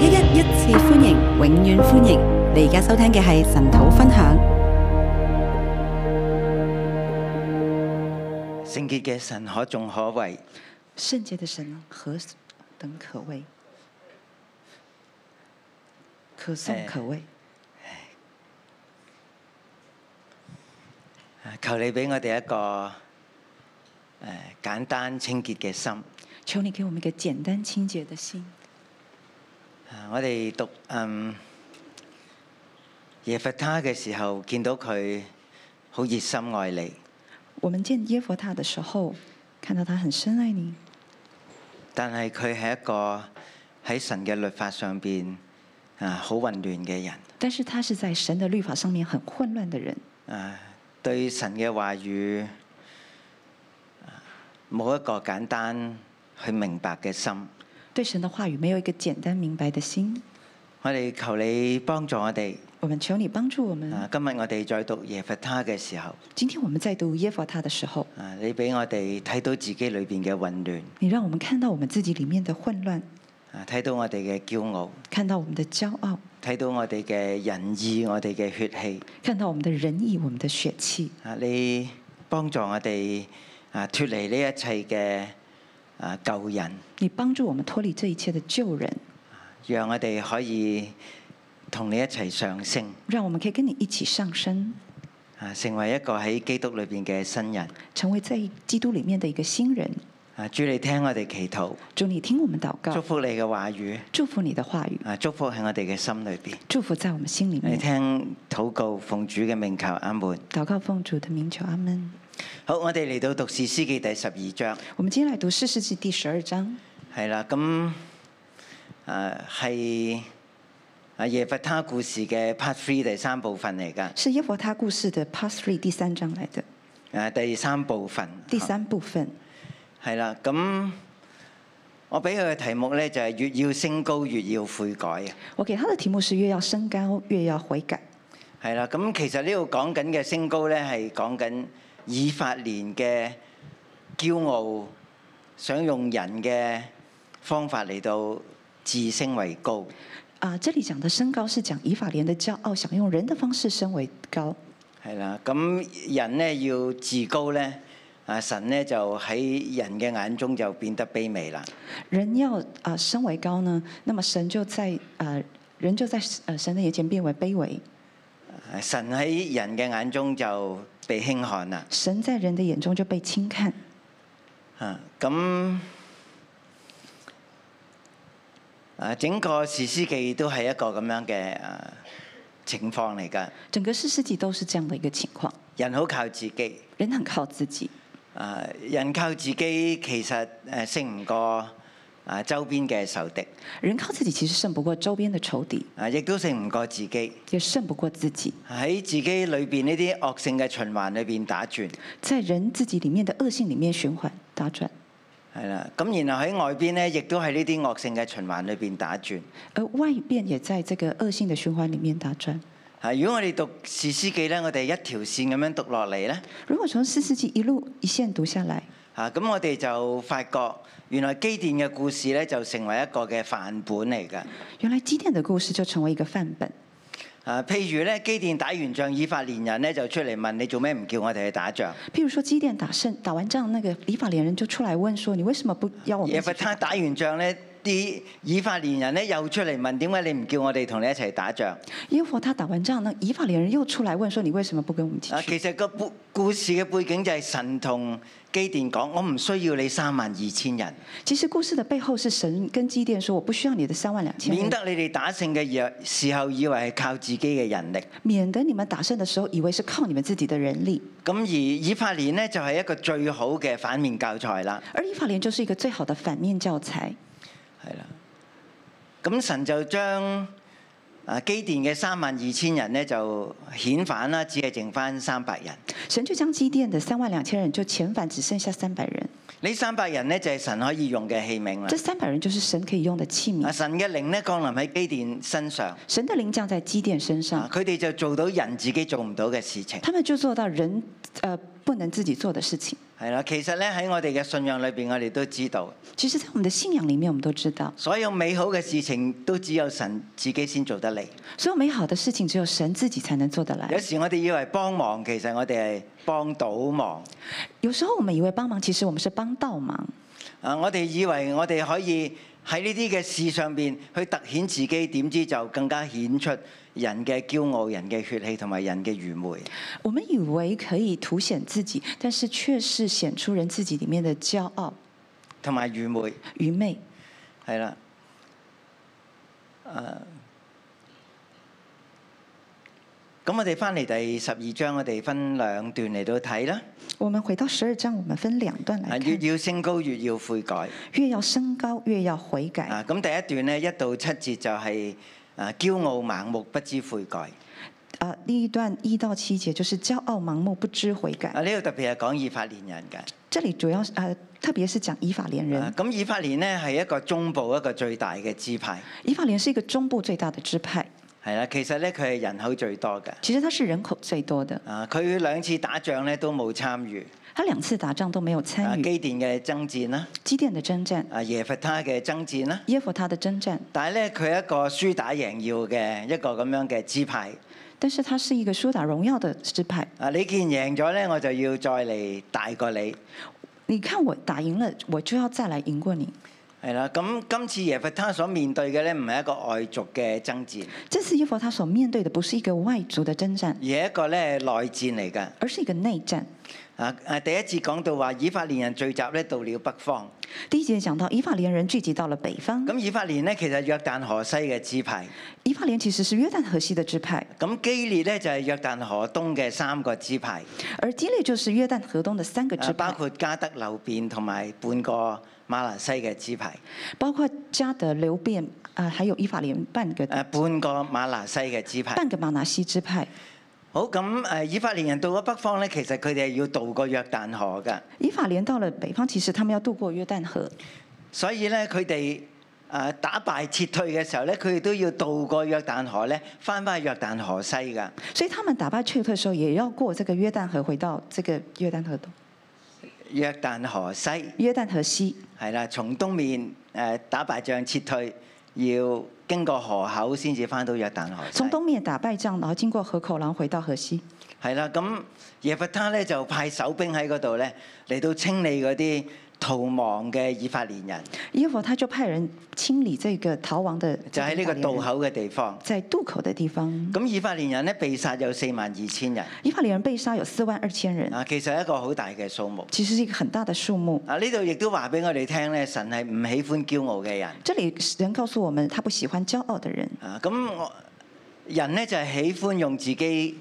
一一一次歡迎，永遠歡迎！你而家收聽嘅係神土分享。聖潔嘅神可眾可畏，聖潔嘅神何等可畏，可頌可畏。求你俾我哋一個誒，簡單清潔嘅心。求你給我們一個簡單清潔嘅心。我哋讀耶弗他嘅時候，見到佢好熱心愛你。我們見耶弗他的時候，看到他很深愛你。但係佢係一個喺神嘅律法上邊好、啊、混亂嘅人。但是他是在神的律法上面很混亂的人。啊，對神嘅話語冇、啊、一個簡單去明白嘅心。對神的話語沒有一個簡單明白的心，我哋求你幫助我哋。我們求你幫助我們。今日我哋在讀耶弗他嘅時候，今天我們在讀耶弗他嘅時候，啊，你俾我哋睇到自己裏邊嘅混亂，你讓我們看到我們自己裏面嘅混亂，啊，睇到我哋嘅驕傲，看到我們嘅驕傲，睇到我哋嘅仁義，我哋嘅血氣，看到我們嘅仁義，我們嘅血氣。啊，你幫助我哋啊，脫離呢一切嘅。啊！救人，你幫助我們脫離這一切的舊人，讓我哋可以同你一齊上升，讓我們可以跟你一起上升，啊，成為一個喺基督裏面嘅新人，成為在基督裏面的一個新人。啊，主你聽我哋祈禱，主你聽我們禱告，祝福你嘅話語，祝福你的話語，啊，祝福喺我哋嘅心裏邊，祝福在我們心裏邊。裏面，你聽禱告，奉主嘅名求阿門，禱告奉主嘅名求阿門。好，我哋嚟到讀士師記第十二章。我們今天來讀《士師記》第十二章。係啦，咁誒係阿耶弗他故事嘅 part three 第三部分嚟噶。是耶弗他故事嘅 part three 第三章嚟的。誒、啊，第三部分。第三部分。係啦，咁我俾佢嘅題目咧就係、是、越要升高越要悔改啊。我給他嘅題目是越要升高越要悔改。係啦，咁其實呢度講緊嘅升高咧係講緊。以法蓮嘅驕傲，想用人嘅方法嚟到自升為高。啊，這裏講的升高是講以法蓮的驕傲，想用人的方式升為高。係啦、啊，咁人呢要自高咧，啊神呢就喺人嘅眼中就變得卑微啦。人要啊、呃、升為高呢，那麼神就在啊、呃、人就在啊、呃、神嘅眼前變為卑微。啊、神喺人嘅眼中就。被輕看啦！神在人的眼中就被輕看。啊、咁、嗯、啊，整個士師記都係一個咁樣嘅、啊、情況嚟噶。整個士師記都是這樣的一個情況。人好靠自己，人能靠自己。啊，人靠自己，其實誒勝唔過。啊，周邊嘅仇敵，人靠自己其實勝不過周邊嘅仇敵，啊，亦都勝唔過自己，也勝不過自己。喺自己裏邊呢啲惡性嘅循環裏邊打轉，在人自己裡面的惡性裡面循環打轉，係啦。咁然後喺外邊呢，亦都喺呢啲惡性嘅循環裏邊打轉，而外邊也在這個惡性嘅循環裡面打轉。係，啊，如果我哋讀士師記呢，我哋一條線咁樣讀落嚟呢。如果從士師記一路一線讀下來。啊！咁我哋就發覺，原來機電嘅故事咧就成為一個嘅範本嚟㗎。原來機電嘅故事就成為一個範本。啊，譬如咧，機電打完仗，以法連人咧就出嚟問，你做咩唔叫我哋去打仗？譬如說，機電打勝打完仗，那個以法連人就出嚟問，說你為什麼不要我們？他打完仗咧，啲以法連人咧又出嚟問，點解你唔叫我哋同你一齊打仗？耶佛他打完仗，呢以法連人又出嚟問，說你為什麼不跟我們？啊，其實個故事嘅背景就係神同。基甸講：我唔需要你三萬二千人。其實故事的背後是神跟基甸說：我不需要你的三萬兩千人。免得你哋打勝嘅時候以為係靠自己嘅人力。免得你們打勝的時候以為是靠你們自己的人力。咁而以法蓮呢，就係一個最好嘅反面教材啦。而以法蓮就是一個最好的反面教材。係啦，咁神就將。啊！基甸嘅三萬二千人咧就遣返啦，只係剩翻三百人。神就將基甸的三萬兩千人就遣返，只剩下三百人。呢三百人呢，就係神可以用嘅器皿啦。這三百人就是神可以用的器皿。神嘅靈呢，降臨喺基甸身上。神嘅靈降在基甸身上。佢哋、啊、就做到人自己做唔到嘅事情。他們就做到人，誒、呃，不能自己做的事情。係啦，其實咧喺我哋嘅信仰裏邊，我哋都知道。其實在我們的信仰裡面，我們都知道。所有美好嘅事情都只有神自己先做得嚟。所有美好的事情只有神自己才能做得來。有時我哋以為幫忙，其實我哋係幫倒忙。有時候我們以為幫忙，其實我們是幫倒忙。啊，我哋以為我哋可以。喺呢啲嘅事上邊，去凸顯自己，點知就更加顯出人嘅驕傲、人嘅血氣同埋人嘅愚昧。我們以為可以凸顯自己，但是卻是顯出人自己裏面的驕傲同埋愚昧。愚昧係啦，誒。咁我哋翻嚟第十二章，我哋分兩段嚟到睇啦。我們回到十二章，我們分兩段嚟睇，啊。越要升高越要悔改，越要升高越要悔改。啊，咁第一段呢，一到七節就係、是、啊驕傲盲目不知悔改。啊，第一段一到七節就是驕傲盲目不知悔改。啊，呢度特別係講以法蓮人嘅。這裏主要，誒、啊，特別是講以法蓮人。咁以法蓮呢，係一個中部一個最大嘅支派。以法蓮是一個中部最大嘅支派。係啦，其實咧佢係人口最多嘅。其實他是人口最多的。啊，佢兩次打仗咧都冇參與。他兩次打仗都沒有參與。基甸嘅爭戰啦。基甸嘅爭戰。啊，耶弗他嘅爭戰啦。耶弗他嘅爭戰。但係咧，佢係一個輸打贏要嘅一個咁樣嘅支派。但是他是一個輸打榮耀嘅支派。啊，你既然贏咗咧，我就要再嚟大過你。你看我打贏了，我就要再來贏過你。係啦，咁今、 嗯、次耶弗他所面對嘅咧，唔係一個外族嘅爭戰。這次耶弗他所面對嘅，不是一個外族嘅爭戰，而係一個咧內戰嚟㗎。而是一個內戰。啊！第一次講到話以法蓮人聚集咧到了北方。第一次想到以法蓮人聚集到了北方。咁以法蓮呢，其實約旦河西嘅支派。以法蓮其實是約旦河西嘅支派。咁基列呢，就係約旦河東嘅三個支派。而基列就是約旦河東嘅三個支派。三個支派包括加德流便同埋半個馬拿西嘅支派。包括加德流便啊、呃，還有以法蓮半個。誒，半個馬拿西嘅支派。半個馬拿西支派。好咁誒，以法蓮人到咗北方咧，其實佢哋係要渡過約旦河嘅。以法蓮到了北方，其實他們要渡過約旦河。所以咧，佢哋誒打敗撤退嘅時候咧，佢哋都要渡過約旦河咧，翻翻約旦河西㗎。所以他們打敗撤退嘅時候，要時候也要過這個約旦河，回到這個約旦河度。約旦河西。約旦河西。係啦，從東面誒打敗仗撤退要。經過河口先至翻到約旦河，從東面打敗仗，然後經過河口，然後回到河西。係啦，咁 耶弗他咧就派守兵喺嗰度咧嚟到清理嗰啲。逃亡嘅以法蓮人，一伙他就派人清理這個逃亡的，就喺呢個渡口嘅地方，在渡口嘅地方。咁以法蓮人呢，被殺有四萬二千人，以法蓮人被殺有四萬二千人。啊，其實一個好大嘅數目，其實是一個很大的數目。啊，呢度亦都話俾我哋聽咧，神係唔喜歡驕傲嘅人。這裏神告訴我們，他不喜歡驕傲的人。啊，咁我人呢，就係喜歡用自己。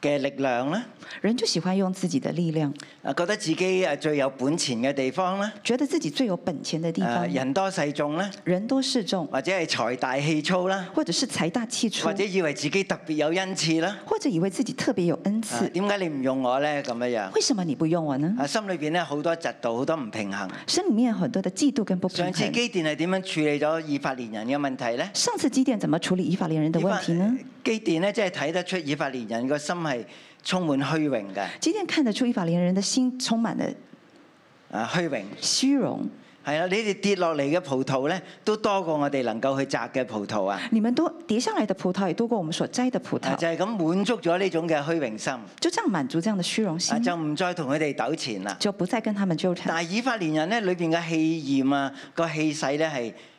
嘅力量咧，人就喜歡用自己的力量。啊，覺得自己啊最有本錢嘅地方啦，覺得自己最有本錢嘅地方。人多勢眾啦，人多勢眾，或者係財大氣粗啦，或者是財大氣粗，或者以為自己特別有恩賜啦，或者以為自己特別有恩賜。點解你唔用我咧？咁樣，樣，為什麼你不用我呢？啊，心裏邊咧好多嫉妒，好多唔平衡。心裏面有很多的嫉妒跟不平衡。上次基甸係點樣處理咗以法蓮人嘅問題咧？上次基甸怎麼處理以法蓮人嘅問題呢？基甸咧，真係睇得出以法蓮人個心係充滿虛榮嘅。基甸看得出以法蓮人，人的心充滿嘅啊虛榮，虛榮。係榮啊，你哋跌落嚟嘅葡萄咧，都多過我哋能夠去摘嘅葡萄啊。你們多跌下來的葡萄也多過我們所摘的葡萄。啊、就係、是、咁滿足咗呢種嘅虛榮心。就這樣滿足這樣的虛榮心。就唔再同佢哋糾纏啦。就不再跟他們糾纏。糾纏，但係以法蓮人咧，裏邊嘅氣焰啊，個氣勢咧係。啊啊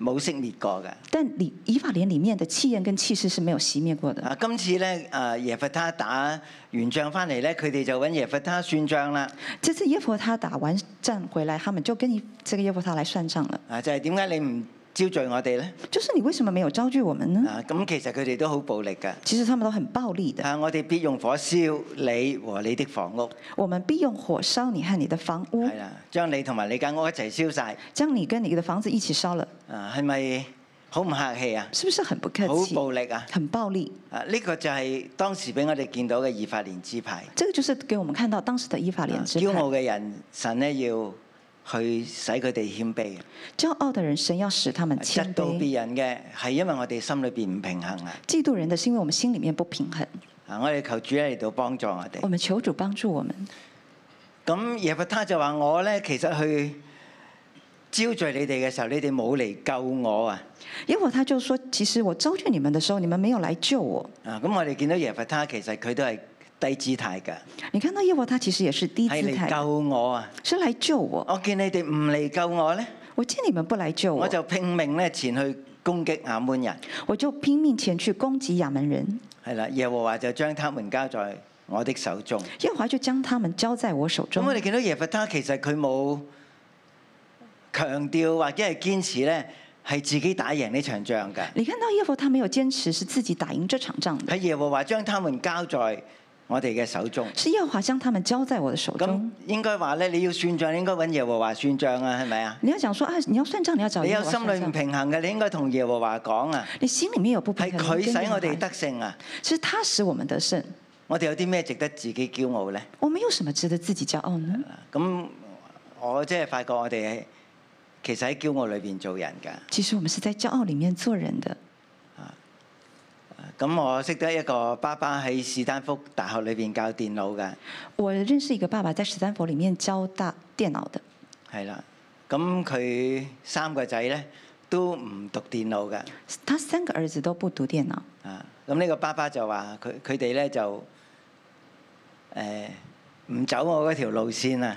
冇熄滅過嘅，但連以法蓮裡面嘅氣焰跟氣勢是沒有熄滅過的。啊，今次咧，誒、啊、耶弗他，他，他，他打完仗翻嚟咧，佢哋就搵耶弗他算帳啦。這次耶弗他打完仗回來，他們就跟你，這個耶弗他來算帳了。啊，就係點解你唔招聚我哋呢？就是你為什麼沒有招聚我們呢？啊，咁其實佢哋都好暴力噶。其實他們都很暴力的。啊，我哋必用火燒你和你的房屋。我們必用火燒你和你的房屋。係啦，將你同埋你間屋一齊燒晒。將你跟你的房子一起燒了。啊，係咪好唔客氣啊？是不是很不客氣？啊？好暴力啊！很暴力。啊，呢個就係當時俾我哋見到嘅以法蓮支派。這個就是給我們看到當時的以法蓮支派。驕、啊、傲嘅人，神咧要。去使佢哋謙卑。驕傲的人，神要使他們謙卑。嫉妒別人嘅，係因為我哋心裏邊唔平衡啊。嫉妒人嘅，是因為我們心裏面不平衡。啊，我哋求主嚟到幫助我哋。我們求主幫助我們。咁耶弗他就話：我咧其實去招聚你哋嘅時候，你哋冇嚟救我啊！耶弗他就說：其實我招聚你們嘅時候，你們沒有來救我。啊，咁我哋見到耶弗他，其實佢都係。低姿態噶，你看到耶弗他其實也是低姿態。嚟救我啊！是嚟救我。我見你哋唔嚟救我咧，我見你們不來救我，我就拼命咧前去攻擊亞門人。我就拼命前去攻擊亞門人。係啦，耶和華就將他們交在我的手中。耶和華就將他們交在我手中。咁我哋見到耶弗他其實佢冇強調或者係堅持咧，係自己打贏呢場仗噶。你看到耶弗他,他沒有堅持是自己打贏這場仗？喺耶和華將他,他們交在。我哋嘅手中，是耶和華將他們交在我的手中。咁應該話咧，你要算賬，應該揾耶和華算賬啊，係咪啊？你要想說啊，你要算賬，你要找。你有心裏唔平衡嘅，你應該同耶和華講啊。你心裏面有不平衡。佢使我哋得勝啊！其實他使我們得勝、啊。我哋有啲咩值得自己驕傲咧？我沒有什麼值得自己驕傲呢。咁我即係發覺我哋其實喺驕傲裏邊做人噶。其實我們是在驕傲裏面做人的。咁我識得一個爸爸喺史丹福大學裏邊教電腦嘅。我認識一個爸爸在史丹福裡面教大電腦的。係啦，咁佢三個仔咧都唔讀電腦嘅。他三個兒子都不讀電腦。啊，咁呢個爸爸就話佢佢哋咧就誒。呃唔走我嗰條路線啊！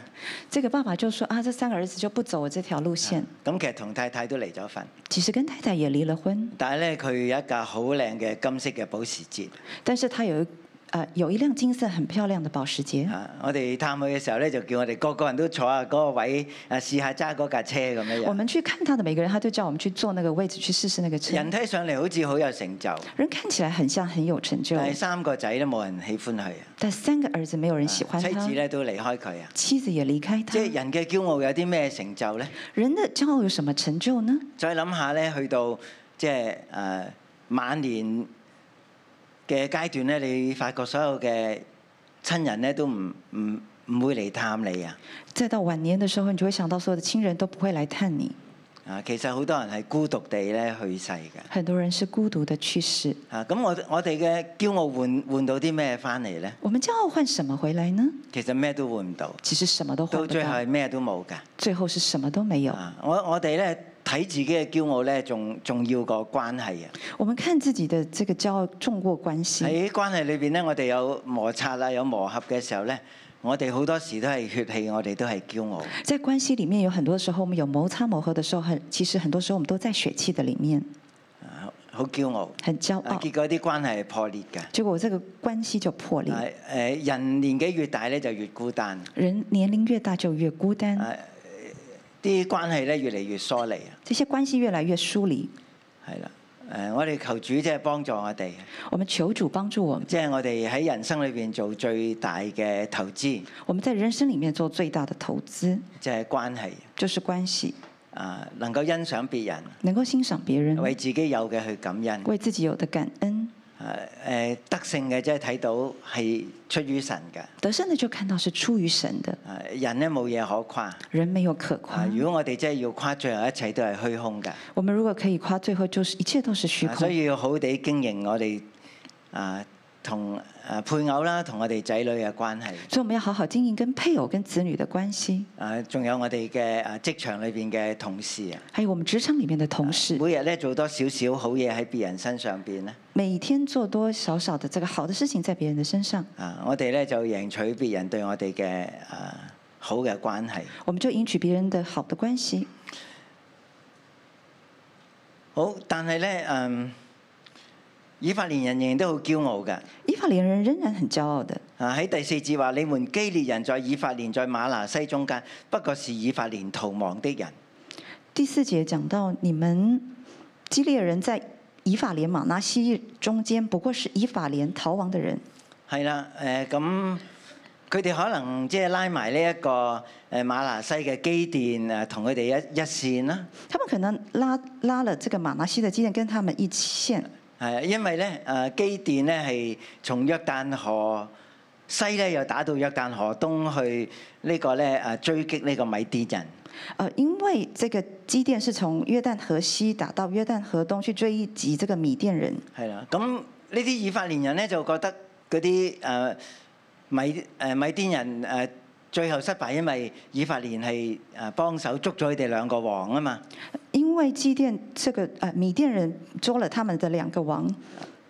即個爸爸就說：啊，這三個兒子就不走我這條路線。咁、嗯嗯嗯、其實同太太都離咗婚。其實跟太太也離了婚。但係咧，佢有一架好靚嘅金色嘅保時捷。 但是他有。啊，uh, 有一輛金色很漂亮的保時捷。啊，uh, 我哋探佢嘅時候咧，就叫我哋個個人都坐下嗰個位，啊試下揸嗰架車咁樣。我們去看他的每個人，他都叫我們去坐那個位置，去試試那個車。人睇上嚟好似好有成就。人看起來很像很有成就。第三個仔都冇人喜歡佢。但三個兒子沒有人喜歡、uh, 妻子咧都離開佢啊。妻子也離開他。即係人嘅驕傲有啲咩成就咧？人的驕傲有什麼成就呢？再諗下咧，去到即係誒晚年嘅階段咧，你發覺所有嘅親人咧都唔唔唔會嚟探你啊！再到晚年嘅時候，你就會想到所有嘅親人都不會嚟探你。啊，其實好多人係孤獨地咧去世嘅。很多人是孤獨的去世的。啊，咁我我哋嘅驕傲換換到啲咩翻嚟咧？我們驕傲換什麼回來呢？其實咩都換唔到。其實什麼都換不到。到最後咩都冇嘅。最後是什麼都沒有。啊，我我哋咧。睇自己嘅驕傲咧，仲重要過關係啊！我們看自己的這個驕傲重過關係。喺關係裏邊咧，我哋有摩擦啦，有磨合嘅時候咧，我哋好多時都係血氣，我哋都係驕傲。在關係裏面，有很多時候，我們有摩擦、磨合嘅時候，很其實很多時候，我們都在血氣嘅裏面，啊、好驕傲，很驕傲、啊。結果啲關係係破裂嘅。結果我這個關係就破裂。誒、啊，人年紀越大咧，就越孤單。人年齡越大就越孤單。啲關係咧越嚟越疏離， 這些關係越來越疏離，係啦。誒，我哋求主即係幫助我哋。我們求主幫助我們，即係我哋喺人生裏邊做最大嘅投資。 就是、我們在人生裏面做最大嘅投資，即係關係，就是關係。啊， 能夠欣賞別人，能夠欣賞別人，為自己有嘅去感恩，為自己有的感恩。誒誒，得勝嘅即係睇到係出於神嘅。得勝嘅就看到是出於神的。人咧冇嘢可誇。人沒有可誇，啊。如果我哋真係要誇，最後一切都係虛空嘅。我們如果可以誇，最後就是一切都是虛空，啊。所以要好地經營我哋啊，同。誒配偶啦，同我哋仔女嘅關係。所以，我們要好好經營跟配偶、跟子女嘅關係。誒，仲有我哋嘅誒職場裏邊嘅同事啊。還有我們職場裏面嘅同事。每日咧做多少少好嘢喺別人身上邊咧。每天做多多少少嘅。這個好嘅事情在別人嘅身上。啊，我哋咧就贏取別人對我哋嘅誒好嘅關係。我們就贏取別人的好的關係。好，但係咧誒。嗯以法蓮人仍然都好驕傲嘅。以法蓮人仍然很驕傲的。啊，喺第四節話，你們基列人在以法蓮在馬拿西中間，不過是以法蓮逃亡的人。第四節講到你們基列人在以法蓮馬拿西中間，不過是以法蓮逃亡的人。係啦，誒，咁佢哋可能即係拉埋呢一個誒馬拿西嘅基甸誒，同佢哋一一綫啦。他們可能拉拉了這個馬拿西的基甸，跟他們一綫。係，因為咧，誒基甸咧係從約旦河西咧，西又打到約旦河東去呢個咧，誒追擊呢個米甸人。誒，因為這個基甸是從約旦河西打到約旦河東去追擊這個米甸人。係啦，咁呢啲以法蓮人咧就覺得嗰啲誒米誒、啊、米甸人誒。啊最後失敗，因為以法蓮係誒幫手捉咗佢哋兩個王啊嘛。因為祭奠這個誒、啊、米甸人捉了他們的兩個王。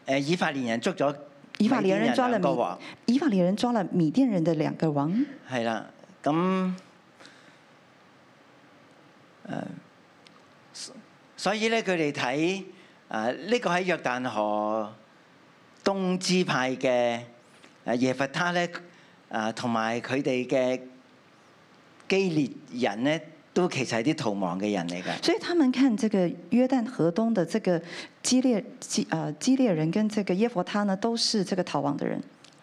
誒以法蓮人捉咗。以法蓮人捉了米甸人兩個王。以法蓮人。以法蓮人捉了米甸人的兩個王。係啦，咁誒、呃，所以咧佢哋睇誒呢、呃這個喺約旦河東支派嘅耶弗他咧。啊，同埋佢哋嘅基列人咧，都其實係啲逃亡嘅人嚟㗎。所以他們看這個約旦河東的這個基列基啊基列人跟這個耶佛他呢，都是這個逃亡嘅人。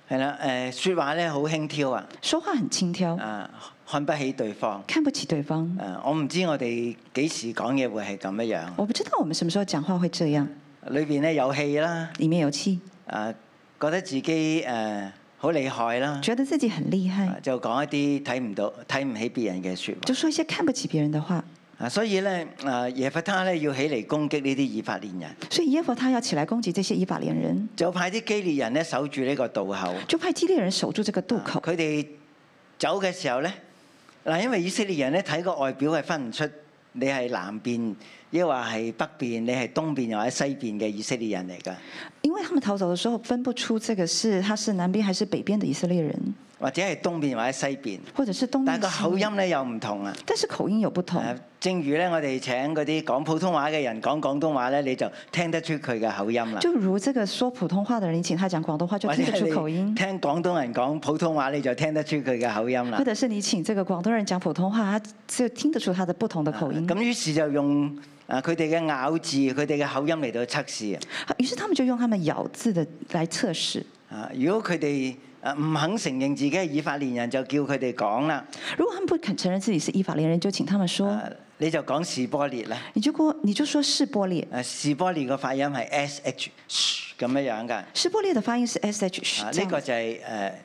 係啦，誒，説話咧好輕佻啊。說話很輕佻、啊。啊，看不起對方。看不起對方。誒，我唔知我哋幾時講嘢會係咁樣。我不知道我們什麼時候講話會這樣。裏邊咧有氣啦。裏面有氣。啊，覺得自己誒。啊好厲害啦！覺得自己很厲害，就講一啲睇唔到、睇唔起別人嘅説話，就說一些看不起別人嘅話。啊，所以咧，啊耶弗他咧要起嚟攻擊呢啲以法蓮人。所以耶弗他要起來攻擊這些以法蓮人。連人就派啲基列人咧守住呢個渡口。就派基列人守住這個渡口。佢哋、啊、走嘅時候咧，嗱、啊，因為以色列人咧睇個外表係分唔出。你係南邊，抑或係北邊？你係東邊，又或者西邊嘅以色列人嚟噶？因為，他們逃走嘅時候，分不出這個是他是南邊還是北邊嘅以色列人。或者係東邊或者西邊，但個口音咧又唔同啊。但是口音又不同。正如咧，我哋請嗰啲講普通話嘅人講廣東話咧，你就聽得出佢嘅口音啦。就如這個說普通話嘅人，你請他講廣東話，就聽得出口音。聽廣東人講普通話，你就聽得出佢嘅口音啦。或者是你請這個廣東人講普通話，就聽得出他的不同的口音。咁、啊、於是就用啊佢哋嘅咬字、佢哋嘅口音嚟到測試啊。於是他們就用他們咬字的來測試。啊，如果佢哋。誒唔肯承認自己係以法連人，就叫佢哋講啦。如果佢唔肯承認自己係以法連人，就請他們說。你就講士波列啦。你就你就說士波列。誒士波列個發音係 sh 咁樣樣噶。士波列的發音是 sh。呢、啊這個就係、是、誒、呃、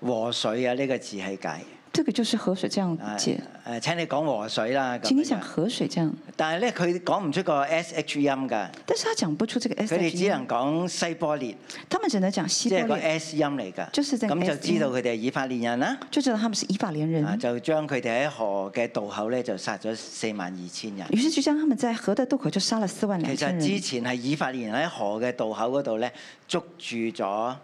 和水啊！呢、這個字係解。這個就是河水這樣解。誒、啊，請你講河水啦。請你講河水這樣。但係咧，佢講唔出個 S H 音噶。但是他講不出這個 S 佢哋只能講西波列。H、他們只能講西波列。只能講西波即係個 S 音嚟噶。M、就咁就知道佢哋係以法蓮人啦。M、就知道他們是以法蓮人,人。啊、就將佢哋喺河嘅渡口咧，就殺咗四萬二千人。於是就將他們在河的渡口就殺了四萬兩千人。其實之前係以法連人喺河嘅渡口嗰度咧，捉住咗，誒、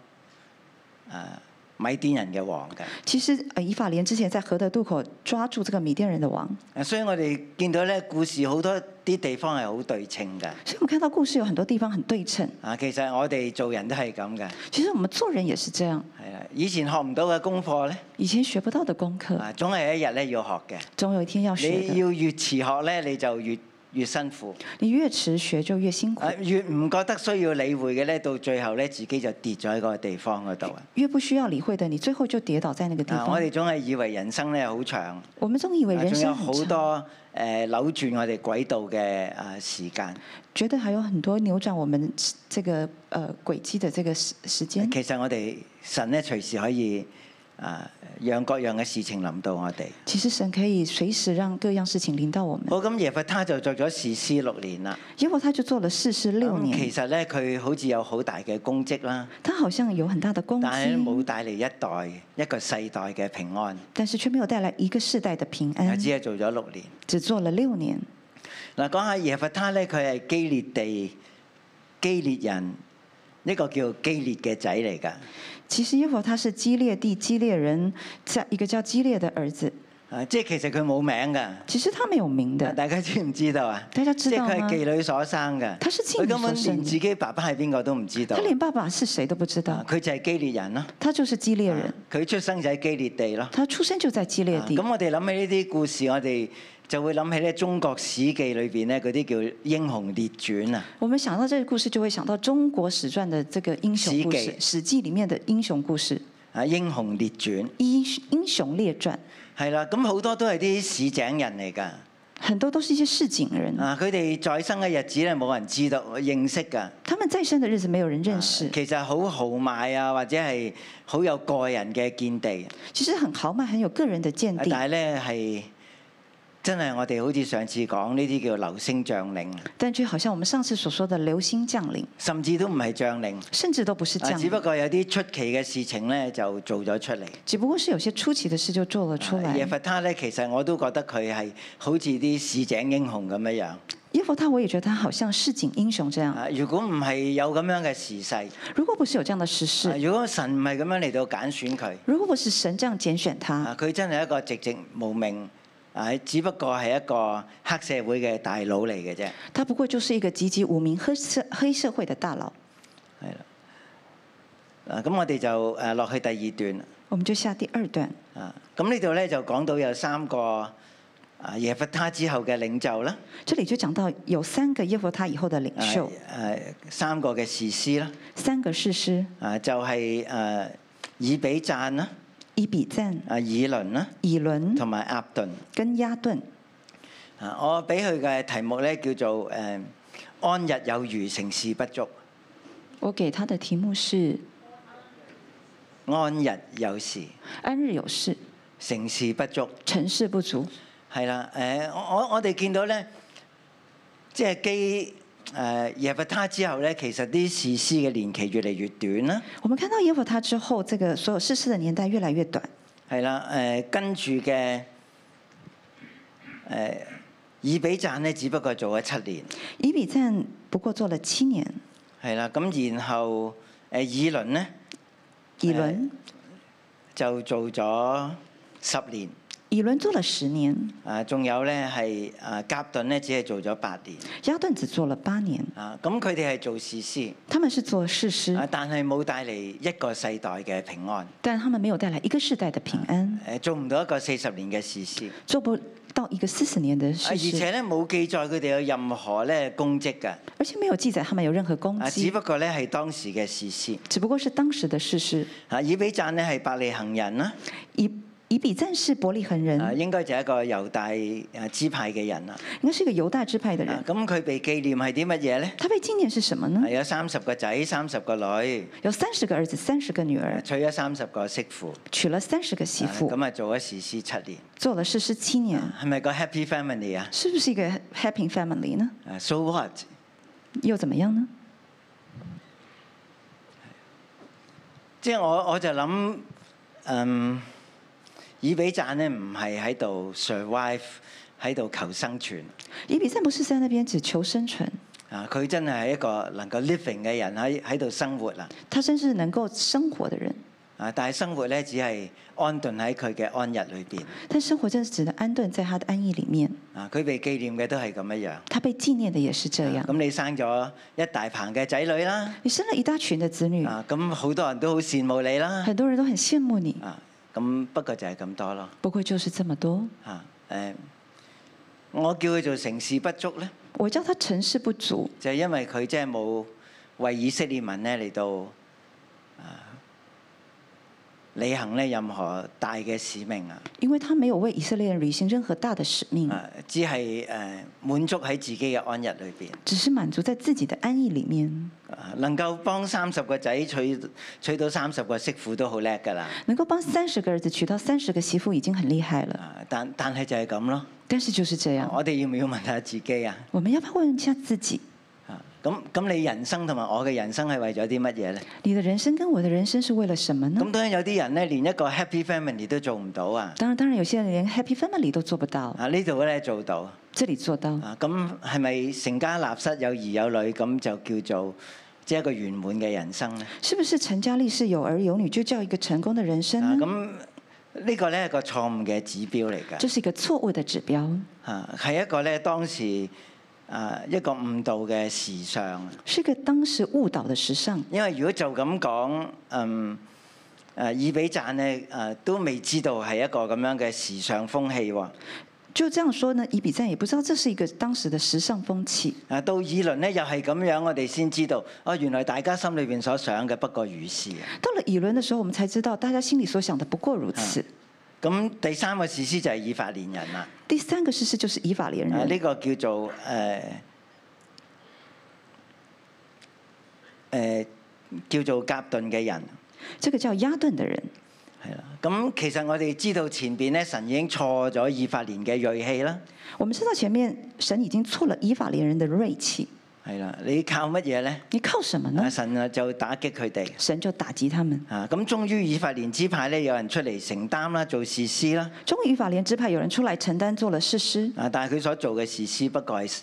啊。米甸人嘅王嘅，其實以法蓮之前在河的渡口抓住這個米甸人的王的。所以，我哋見到咧，故事好多啲地方係好對稱嘅。所以我看到故事有很多地方很對稱。啊，其實我哋做人都係咁嘅。其實我們做人也是這樣。係啦，以前學唔到嘅功課咧。以前學不到的功課。啊，總係有一日咧要學嘅。總有一天要學。你要越遲學咧，你就越。越辛苦，你越遲學就越辛苦。越唔覺得需要理會嘅咧，到最後咧，自己就跌咗喺個地方嗰度。越不需要理會的，你最後就跌倒在那個地方。啊、我哋總係以為人生咧好長。我們總以為人生好、啊、多誒、呃、扭轉我哋軌道嘅啊時間。覺得還有很多扭轉我們這個呃軌跡的這個時時間、啊。其實我哋神咧隨時可以。啊，讓各樣嘅事情臨到我哋。其實神可以隨時讓各樣事情臨到我們。好，咁耶弗他就做咗士師六年啦。耶弗他就做了士師六,六年。嗯、其實咧，佢好似有好大嘅功績啦。他好像有很大嘅功績，但係冇帶嚟一代一個世代嘅平安。但是卻沒有帶來一個世代嘅平安。佢只係做咗六年。只做了六年。嗱，講下耶弗他咧，佢係基列地基列人，一個叫基列嘅仔嚟噶。其實耶弗他是基列地基列人，在一個叫基列的兒子。即係其實佢冇名噶。其實他沒有名的。大家知唔知道啊？大家知道。即係佢係妓女所生噶。他是妓女所生。佢根本連自己爸爸係邊個都唔知道。佢連爸爸是誰都不知道。佢就係激烈人咯。他就是基列人。佢出生就在基列地咯。他出生就在基列地。咁我哋諗起呢啲故事，我哋就會諗起咧中國史記裏邊咧嗰啲叫英雄列傳啊。我們想到這個故事，就會想到中國史傳的這個英雄故事，《史記》史記裏面的英雄故事。啊，英雄列傳。英雄列傳。係啦，咁好多都係啲市井人嚟噶。很多都是一些市井人。啊，佢哋在生嘅日子咧，冇人知道、認識噶。他們在生嘅日子，沒有人認識。其實好豪邁啊，或者係好有個人嘅見地。其實很豪邁，很有個人的見地。但係咧係。真係我哋好似上次講呢啲叫流星將領，但係好像我們上次所說的流星將領，甚至都唔係將領，甚至都不是將領，啊、只不過有啲出奇嘅事情咧就做咗出嚟。只不過是有些出奇嘅事就做了出嚟、啊。耶弗他咧，其實我都覺得佢係好似啲市井英雄咁樣樣。耶弗他，我也覺得他好像市井英雄這樣。如果唔係有咁樣嘅時勢，如果不是有這樣嘅時勢、啊，如果神唔係咁樣嚟到揀選佢、啊，如果不是神這樣揀選他，佢、啊、真係一個寂寂無名。誒，只不過係一個黑社會嘅大佬嚟嘅啫。他不過就是一個籍籍無名黑社黑社會嘅大佬。係啦。誒，咁我哋就誒落去第二段。我們就下第二段。啊，咁呢度咧就講到有三個啊耶弗他之後嘅領袖啦。這裡就講到有三個耶弗他以後嘅領袖。誒、啊啊，三個嘅士師啦。三個士師、啊就是。啊，就係誒以比讚啦。伊比贊啊，以倫倫啦，以倫同埋鴨盾，跟鴨盾。啊，我俾佢嘅題目咧叫做誒安日有餘，成事不足。我給他的題目是安日有事。安日有事。成事不足，成事不足。係啦，誒、呃，我我我哋見到咧，即係既。誒，耶弗他之後咧，其實啲士師嘅年期越嚟越短啦。我們看到耶弗他之後，這個所有士師嘅年代越來越短。係啦，誒、呃，跟住嘅，誒、呃，以比讚咧，只不過做咗七年。以比讚不過做咗七年。係啦，咁然後誒、呃，以倫咧，以倫倫、呃、就做咗十年。以倫做了十年，啊，仲有呢係啊，甲頓咧只係做咗八年，嘉頓只做了八年，啊，咁佢哋係做士師，他們是做士師，啊，但係冇帶嚟一個世代嘅平安，但他們沒有帶嚟一個世代嘅平安，誒，做唔到一個四十年嘅士師，做不到一個四十年的士師，啊，而且呢，冇記載佢哋有任何咧功績嘅，而且沒有記載他們有任何功績，只不過咧係當時嘅士師，只不過是當時嘅士師，啊，以比贊呢係伯利恆人啦，以。以比戰士，伯利恆人。啊，應該就係一個猶大誒支派嘅人啦。應該是一個猶大支派嘅人。咁佢被紀念係啲乜嘢咧？他被紀念是什麼呢？係有三十個仔，三十個女。有三十個兒子，三十個女兒。啊、娶咗三十個媳婦。娶咗三十個媳婦。咁啊，做咗士師七年。做咗士師七年。係咪個 happy family 啊？是不是一個 happy family，啊、是是個 happy family 呢？啊，so what？又怎麼樣呢？即係我我就諗，嗯。以比贊咧唔係喺度 survive，喺度求生存。以比贊不是在那邊只求生存。啊，佢真係一個能夠 living 嘅人，喺喺度生活啦。他真是能夠生活嘅人。啊，但係生活咧，只係安頓喺佢嘅安逸裏邊。但生活真是只能安頓在他的安逸裏面。啊，佢被紀念嘅都係咁樣樣。他被紀念嘅也是這樣。咁你生咗一大棚嘅仔女啦。你生了一大群嘅子女。啊，咁好多人都好羨慕你啦。很多人都很羨慕你。啊。咁不過就係咁多咯。不過就係咁多。嚇！誒，我叫佢做成事不足咧。我叫佢「成事不足」，就係因為佢真係冇為以色列文咧嚟到啊，履行咧任何大嘅使命啊！因為他沒有為以色列人履行任何大的使命啊，只係誒滿足喺自己嘅安逸裏邊。只是滿足在自己的安逸裏面。能夠幫三十個仔娶娶到三十個媳婦都好叻噶啦！能夠幫三十個兒子娶到三十個媳婦已經很厲害了。但但係就係咁咯。但是就是這樣。我哋要唔要問下自己啊？我們要不要問一下自己？咁咁，你人生同埋我嘅人生係為咗啲乜嘢呢？你的人生跟我的人生是為了什麼呢？咁當然有啲人咧，連一個 happy family 都做唔到啊！當然當然，有些人連 happy family 都做不到。啊，呢度咧做到。即係做到。啊，咁係咪成家立室有兒有女咁就叫做即係一個圓滿嘅人生呢？啊嗯、是不是成家立室有兒有女就叫一個成功的人生？啊，咁呢個咧係一個錯誤嘅指標嚟㗎。即係一個錯誤嘅指標啊。啊。係一個呢，當時。啊，一個誤導嘅時尚，是一個當時誤導嘅時尚。因為如果就咁講，嗯，誒、啊，以比讚咧，誒、啊，都未知道係一個咁樣嘅時尚風氣喎。就這樣說呢？以比讚也不知道，這是一個當時的時尚風氣。啊，到議論呢，又係咁樣，我哋先知道，哦、啊，原來大家心裏邊所想嘅不過如是。啊。到了議論嘅時候，我們才知道大家心裡所想的不過如此。啊。咁第三個士師就係以法蓮人啦。第三個士師就是以法蓮人。啊，呢個叫做誒誒叫做押頓嘅人。這個叫押頓嘅人。係啦，咁、嗯、其實我哋知道前邊咧，神已經挫咗以法蓮嘅鋭氣啦。我們知道前面神已經挫了以法蓮人的鋭氣。係啦，你靠乜嘢咧？你靠什麼呢？神啊就打擊佢哋。神就打擊他們。他們啊，咁終於以法蓮支派咧，有人出嚟承擔啦，做士師啦。終於以法蓮支派有人出嚟承擔，做了士師。啊，但係佢所做嘅士師不過係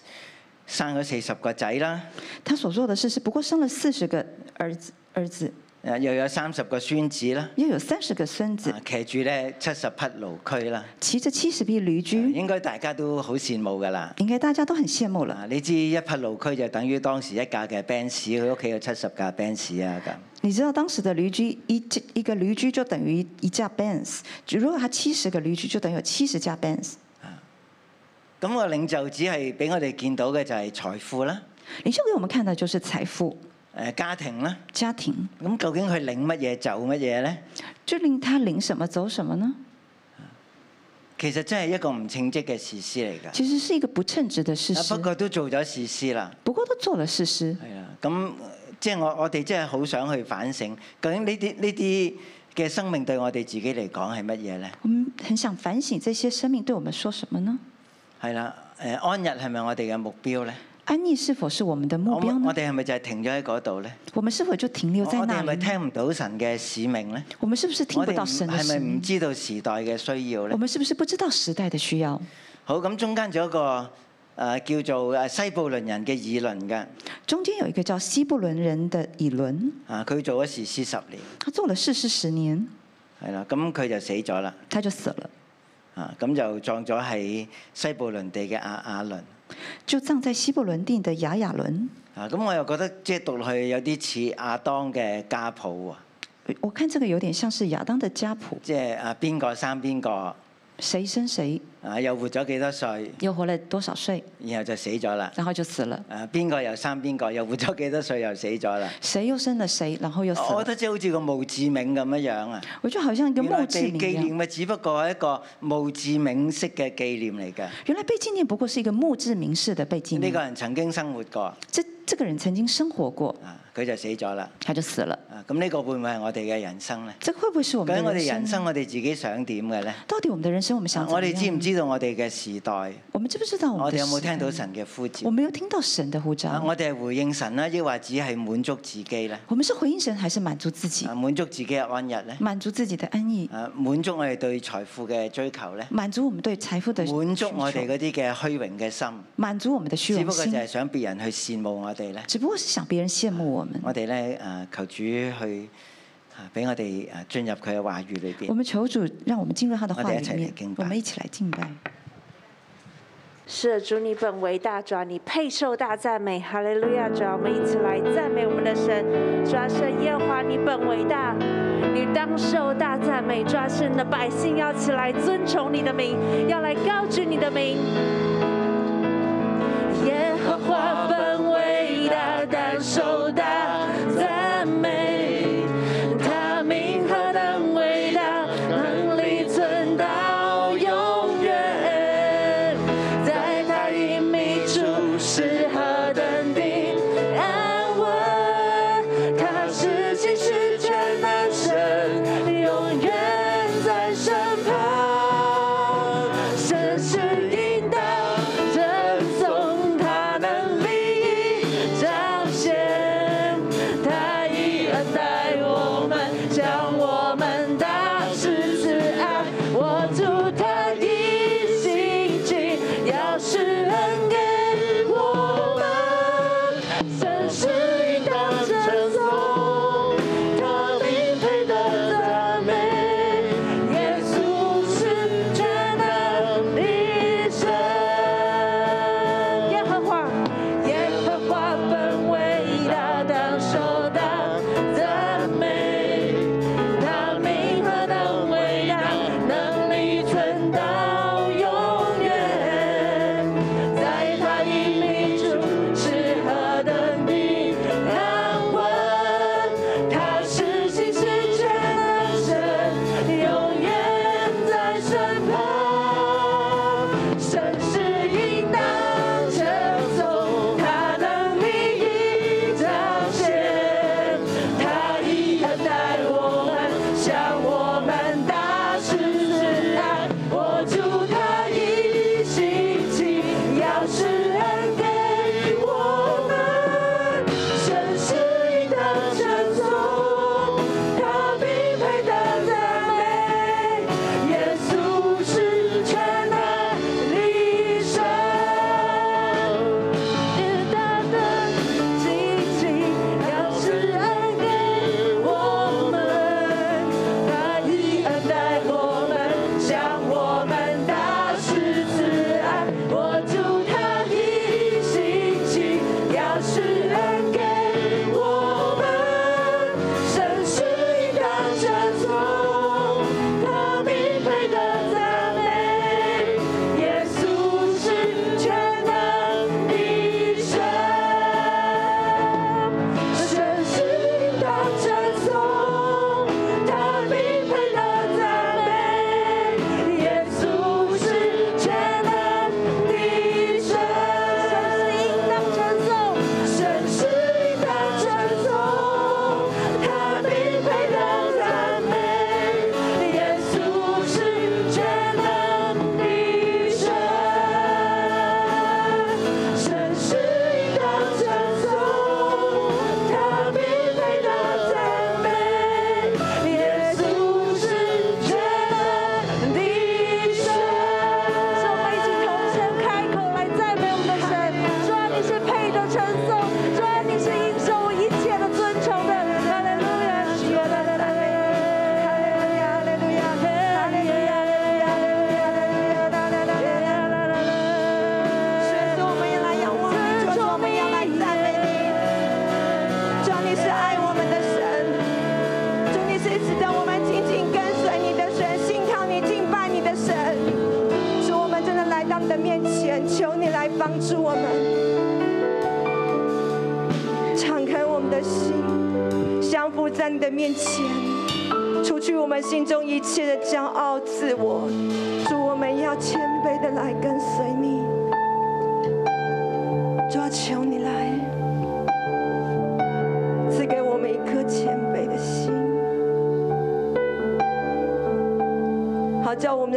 生咗四十個仔啦。他所做嘅士師，事師不過生了四十個兒子兒子。又有三十個孫子啦，又有三十個孫子，騎住咧七十匹驢駒啦，騎着七十匹驢駒，應該大家都好羨慕噶啦，應該大家都很羨慕啦。你知一匹驢駒就等於當時一架嘅 Benz，佢屋企有七十架 Benz 啊咁。你知道當時嘅驢駒一一個驢就等於一，等於一架 Benz、嗯，啊、Benz，如果係七十個驢駒就等於七十架 Benz。咁、啊那個領袖只係俾我哋見到嘅就係財富啦，啊那個、領袖我、啊、給我們看嘅就是財富。誒家庭啦，家庭，咁究竟佢領乜嘢走乜嘢咧？就令他領什麼，就領領什麼走什麼呢？其實真係一個唔稱職嘅事師嚟㗎。其實是一個不稱職嘅事師。不過都做咗事師啦。不過都做咗事師。係啊，咁即係我我哋真係好想去反省究竟呢啲呢啲嘅生命對我哋自己嚟講係乜嘢咧？我們很想反省這些生命對我們說什麼呢？係啦，誒、嗯、安逸係咪我哋嘅目標咧？安逸是否是我們的目標呢？我哋係咪就係停咗喺嗰度咧？我們是否就停留在那呢？我哋係咪聽唔到神嘅使命咧？我們是不是聽唔到神嘅使，使命？我哋係咪唔知道時代嘅需要咧？我們是不是不知道時代嘅需，需要？好，咁中間仲有一個誒、呃、叫做誒西布倫人嘅以倫嘅。中間有一個叫西布倫人嘅以倫。啊，佢做咗士師十年。他做咗士師十年。係啦，咁佢就死咗啦。他就死了。死了啊，咁就葬咗喺西布倫地嘅亞亞倫。就葬在西布倫地的雅雅倫。啊，咁我又覺得即係、就是、讀落去有啲似亞當嘅家譜啊。我看這個有點像是亞當的家譜，即係啊邊個生邊個，誰生誰。啊！又活咗幾多歲？又活了多少歲？然後就死咗啦。然後就死了。死了啊！邊個又生邊個？又活咗幾多歲？又死咗啦。誰又生了死？然後又死，又後又死、啊。我覺得即係好似個墓誌銘咁樣樣啊。我覺得好像個墓誌銘紀念啊，只不過係一個墓誌銘式嘅紀念嚟嘅。原來被紀念不過是一個墓誌銘式嘅被，被紀念。呢個人曾經生活過。這這個人曾經生活過。啊。這個佢就死咗啦，佢就死啦。啊，咁、這、呢個會唔會係我哋嘅人生呢？即會唔會係我哋人生呢？咁我哋人生，我哋自己想點嘅呢？到底我哋人生我、啊，我哋想點？我哋知唔知道我哋嘅時代？我知不知道我、啊？我哋有冇聽到神嘅呼召？我有沒有聽到神嘅呼召。我哋係回應神啦，抑或只係滿足自己呢？我們是回應神、啊、還是滿足自己？滿、啊、足自己嘅安逸呢？滿足自己嘅安逸。啊，滿足我哋對財富嘅追求呢？滿足我們對財富嘅滿足。滿足我哋嗰啲嘅虛榮嘅心。滿足我們嘅虛榮心。只不過就係想別人去羨慕我哋呢？啊、只不過是想別人羨慕我。啊我哋咧，誒，求主去，俾我哋誒進入佢嘅話語裏邊。我們求主，讓我們進入他的話語裏面。我哋一齊嚟敬拜，我們一起來敬拜。是主，你本為大，主你配受大讚美，哈利路亞！主，我們一起來讚美我們的神。主啊，聖耶和華，你本為大，你當受大讚美。主啊，聖的百姓要起來尊崇你的名，要來高舉你的名。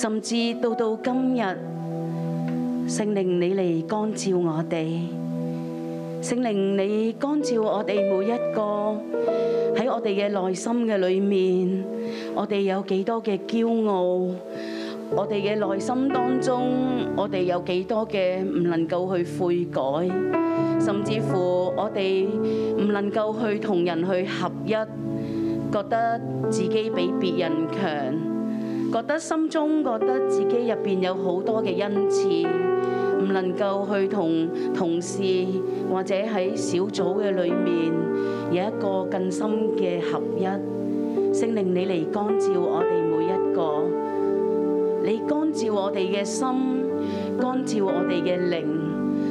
甚至到到今日，聖靈你嚟光照我哋，聖靈你光照我哋每一個喺我哋嘅內心嘅裏面，我哋有幾多嘅驕傲，我哋嘅內心當中，我哋有幾多嘅唔能夠去悔改，甚至乎我哋唔能夠去同人去合一，覺得自己比別人強。覺得心中覺得自己入邊有好多嘅恩賜，唔能夠去同同事或者喺小組嘅裏面有一個更深嘅合一。聖靈你嚟光照我哋每一個，你光照我哋嘅心，光照我哋嘅靈。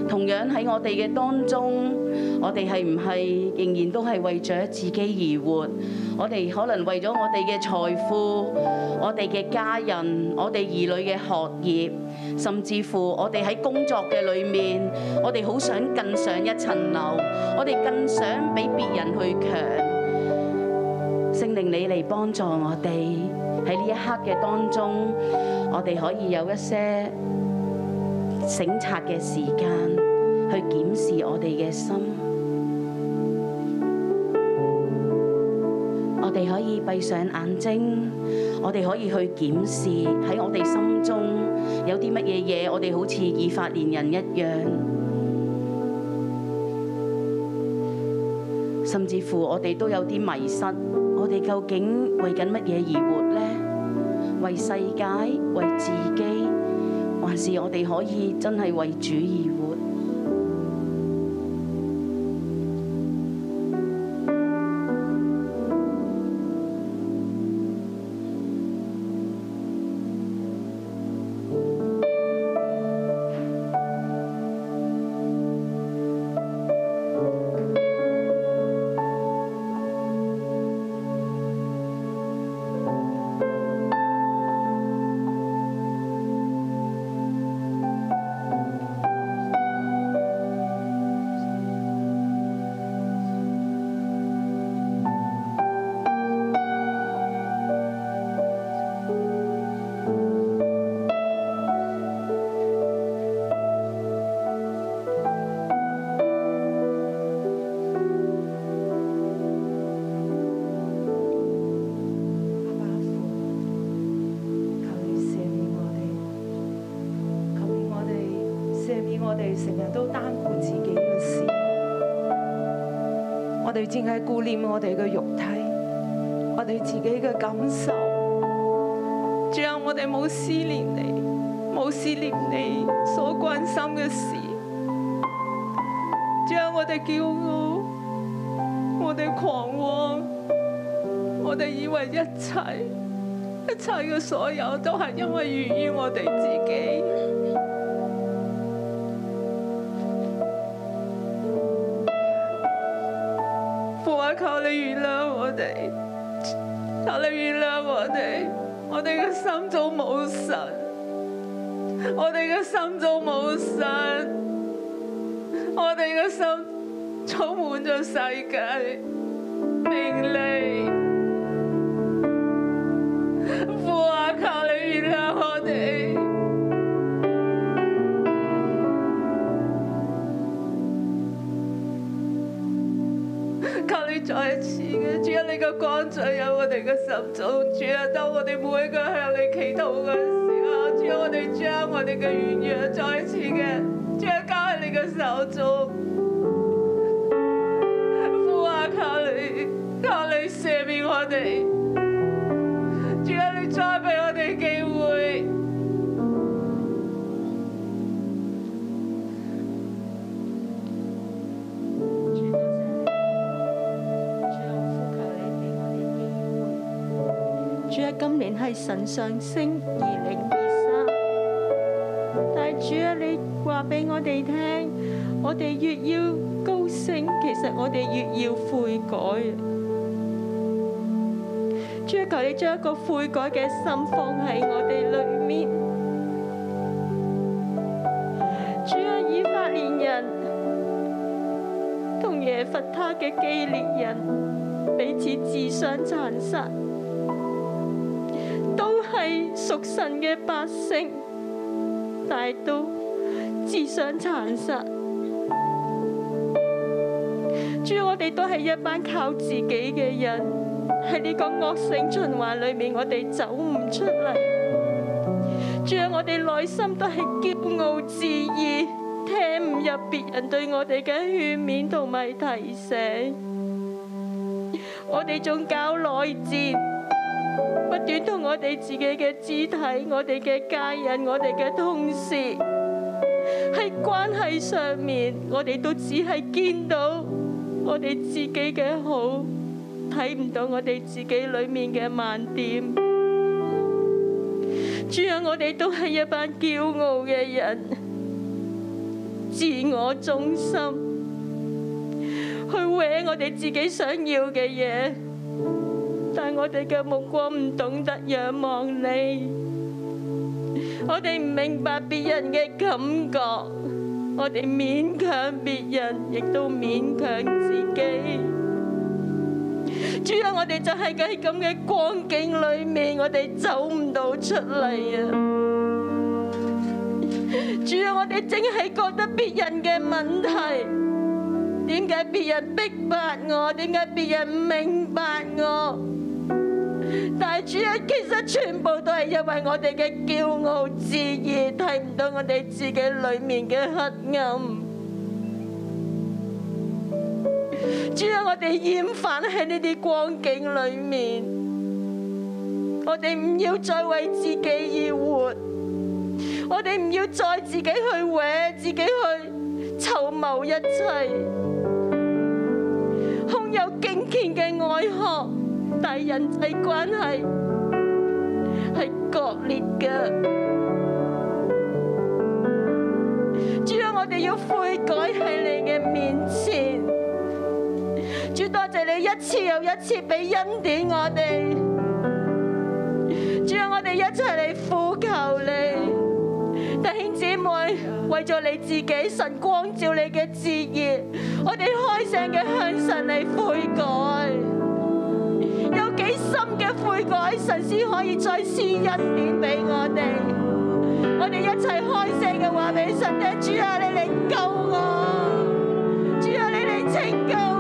同樣喺我哋嘅當中，我哋係唔係仍然都係為咗自己而活？我哋可能為咗我哋嘅財富、我哋嘅家人、我哋兒女嘅學業，甚至乎我哋喺工作嘅裏面，我哋好想更上一層樓，我哋更想比別人去強。聖靈你嚟幫助我哋喺呢一刻嘅當中，我哋可以有一些省察嘅時間。去檢視我哋嘅心，我哋可以閉上眼睛，我哋可以去檢視喺我哋心中有啲乜嘢嘢，我哋好似以法蓮人一樣，甚至乎我哋都有啲迷失，我哋究竟為緊乜嘢而活呢？為世界，為自己，還是我哋可以真係為主而活？我哋成日都擔負自己嘅事，我哋淨係顧念我哋嘅肉體，我哋自己嘅感受，仲有我哋冇思念你，冇思念你所關心嘅事，仲有我哋驕傲，我哋狂妄，我哋以為一切，一切嘅所有都係因為源於我哋自己。求你原諒我哋，我哋嘅心中冇神，我哋嘅心中冇神，我哋嘅心充滿咗世界名利。 光進入我哋嘅心中，主啊，當我哋每個向你祈禱陣時候，主啊，我哋將我哋嘅軟弱再次嘅將交喺你嘅手中。係神上升二零二三，但主啊，你話俾我哋聽，我哋越要高升，其實我哋越要悔改。主啊，求你將一個悔改嘅心放喺我哋裏面。主啊，以法蓮人同耶弗他嘅基列人彼此自相殘殺。係屬神嘅百姓，大都自相殘殺；主啊，我哋都係一班靠自己嘅人，喺呢個惡性循環裏面，我哋走唔出嚟；主啊，我哋內心都係驕傲自義，聽唔入別人對我哋嘅勸勉同埋提醒，我哋仲搞內戰。短到我哋自己嘅肢體，我哋嘅家人，我哋嘅同事，喺關係上面，我哋都只係見到我哋自己嘅好，睇唔到我哋自己裏面嘅盲點。主啊，我哋都係一班驕傲嘅人，自我中心，去搲我哋自己想要嘅嘢。但我哋嘅目光唔懂得仰望你，我哋唔明白別人嘅感覺，我哋勉強別人，亦都勉強自己。主啊，我哋就係喺咁嘅光景裏面，我哋走唔到出嚟啊！主啊，我哋淨係覺得別人嘅問題，點解別人逼迫我？點解別人唔明白我？但主啊，其實全部都係因為我哋嘅驕傲自義，睇唔到我哋自己裏面嘅黑暗。主啊，我哋厭煩喺呢啲光景裏面，我哋唔要再為自己而活，我哋唔要再自己去搲自己去籌謀一切，空有敬虔嘅外殼。大人際關係係割裂噶，主啊，我哋要悔改喺你嘅面前。主多謝你一次又一次俾恩典我哋。主啊，我哋一齊嚟苦求你，弟兄姊妹，為咗你自己神光照你嘅罪孽，我哋開聲嘅向神嚟悔改。心嘅悔改，神先可以再施恩典俾我哋。我哋一齊開聲嘅話俾神聽，主啊，你嚟救我，主啊，你嚟拯救我。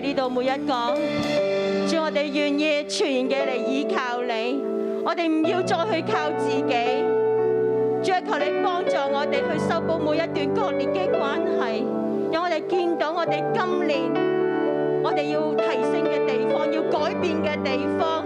呢度每一講，叫我哋願意全嘅嚟依靠你，我哋唔要再去靠自己，主求你幫助我哋去修補每一段割裂嘅關係，讓我哋見到我哋今年我哋要提升嘅地方，要改變嘅地方。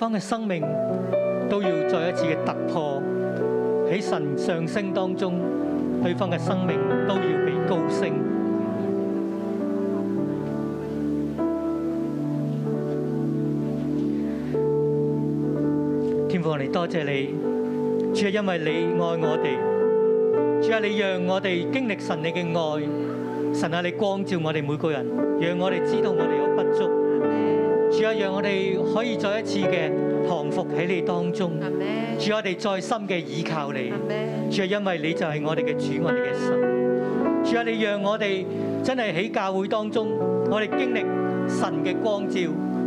方嘅生命都要再一次嘅突破，喺神上升當中，對方嘅生命都要被高升。天父，我哋多謝你，主啊，因為你愛我哋，主啊，你讓我哋經歷神你嘅愛，神啊，你光照我哋每個人，讓我哋知道我。主要讓我們可以再一次的降服在你當中，主要我們再深的依靠你，主要因為你就是我們的主，我哋嘅神。主要你讓我們真的在教會當中，我們經歷神的光照、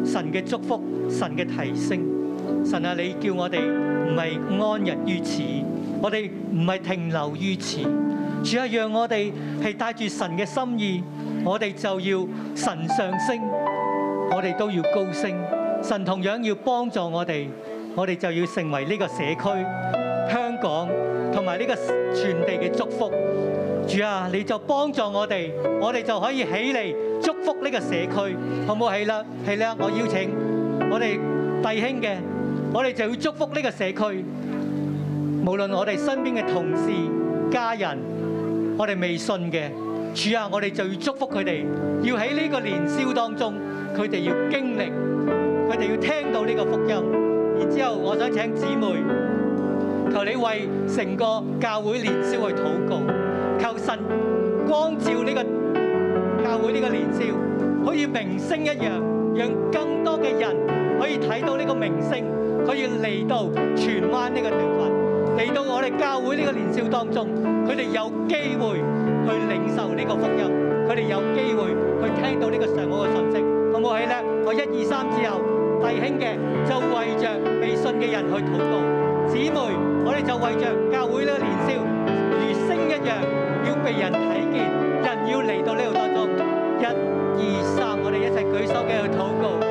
神的祝福、神的提升。神啊，你叫我們不是安逸於此，我們不是停留於此，主要讓我們是帶着神的心意，我們就要神上升，我哋都要高升，神同樣要幫助我哋，我哋就要成為呢個社區、香港同埋呢個全地嘅祝福。主啊，你就幫助我哋，我哋就可以起嚟祝福呢個社區，好唔好？起啦，起啦！我邀請我哋弟兄嘅，我哋就要祝福呢個社區。無論我哋身邊嘅同事、家人，我哋未信嘅，主啊，我哋就要祝福佢哋，要喺呢個年宵當中。佢哋要經歷，佢哋要聽到呢個福音。然之後我想請姊妹求你為成個教會年宵去禱告，求神光照呢個教會呢個年宵，可以明星一樣，讓更多嘅人可以睇到呢個明星，可以嚟到荃灣呢個地方，嚟到我哋教會呢個年宵當中，佢哋有機會去領受呢個福音，佢哋有機會去聽到呢個上主嘅信息。咁我係咧，我一二三之後，弟兄嘅就為着未信嘅人去禱告，姊妹我哋就為着教會，咧年少如星一樣，要被人睇見，人要嚟到呢度當中，1, 2, 3, 一二三我哋一齊舉手嘅去禱告。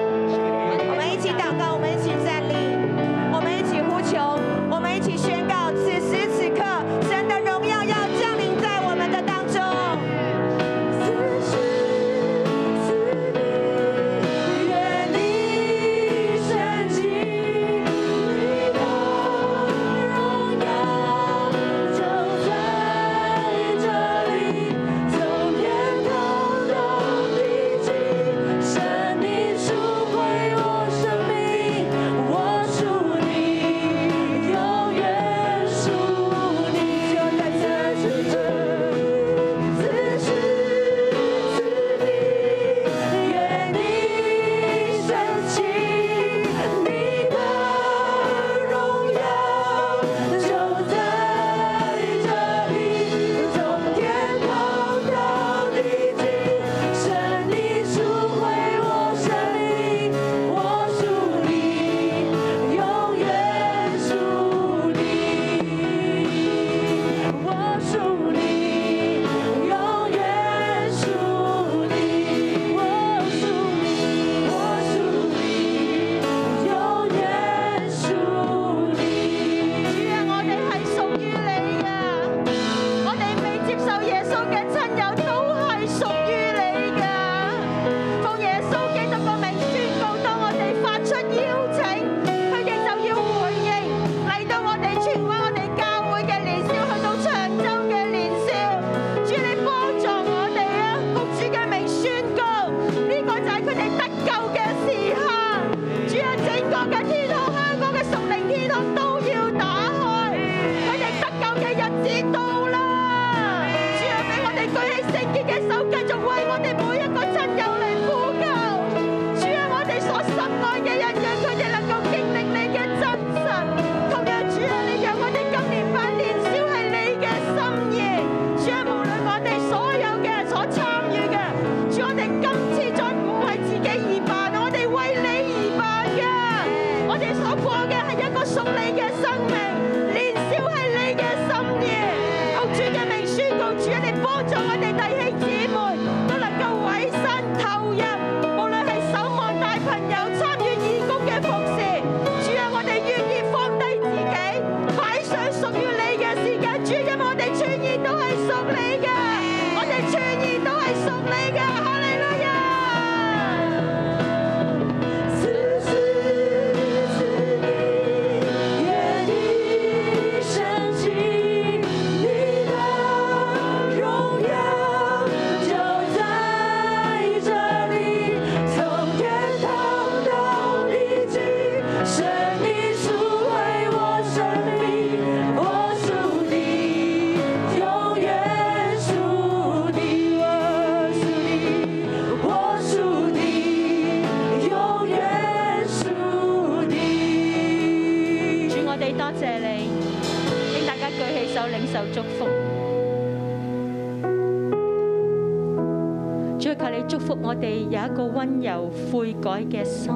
改嘅心，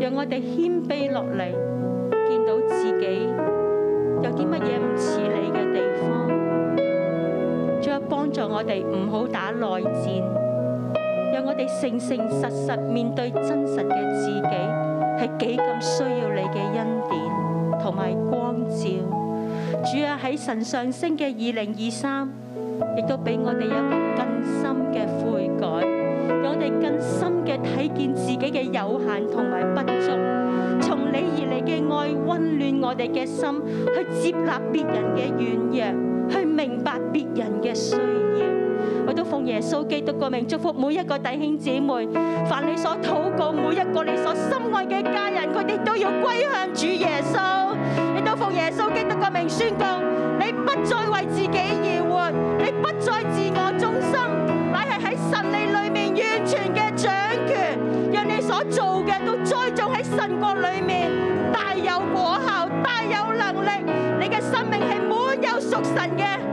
讓我哋謙卑落嚟，見到自己有啲乜嘢唔似你嘅地方，仲有幫助我哋唔好打內戰，讓我哋誠誠實實面對真實嘅自己，係幾咁需要你嘅恩典同埋光照。主啊，喺神上升嘅二零二三，亦都俾我哋一個更深嘅悔改，讓我哋更深。睇見自己嘅有限同埋不足，從你而嚟嘅愛溫暖我哋嘅心，去接納別人嘅軟弱，去明白別人嘅需要。我都奉耶穌基督嘅名祝福每一個弟兄姊妹，凡你所禱告每一個你所深愛嘅家人，佢哋都要歸向主耶穌。你都奉耶穌基督嘅名宣告，你不再為自己而活，你不再自。神嘅。S S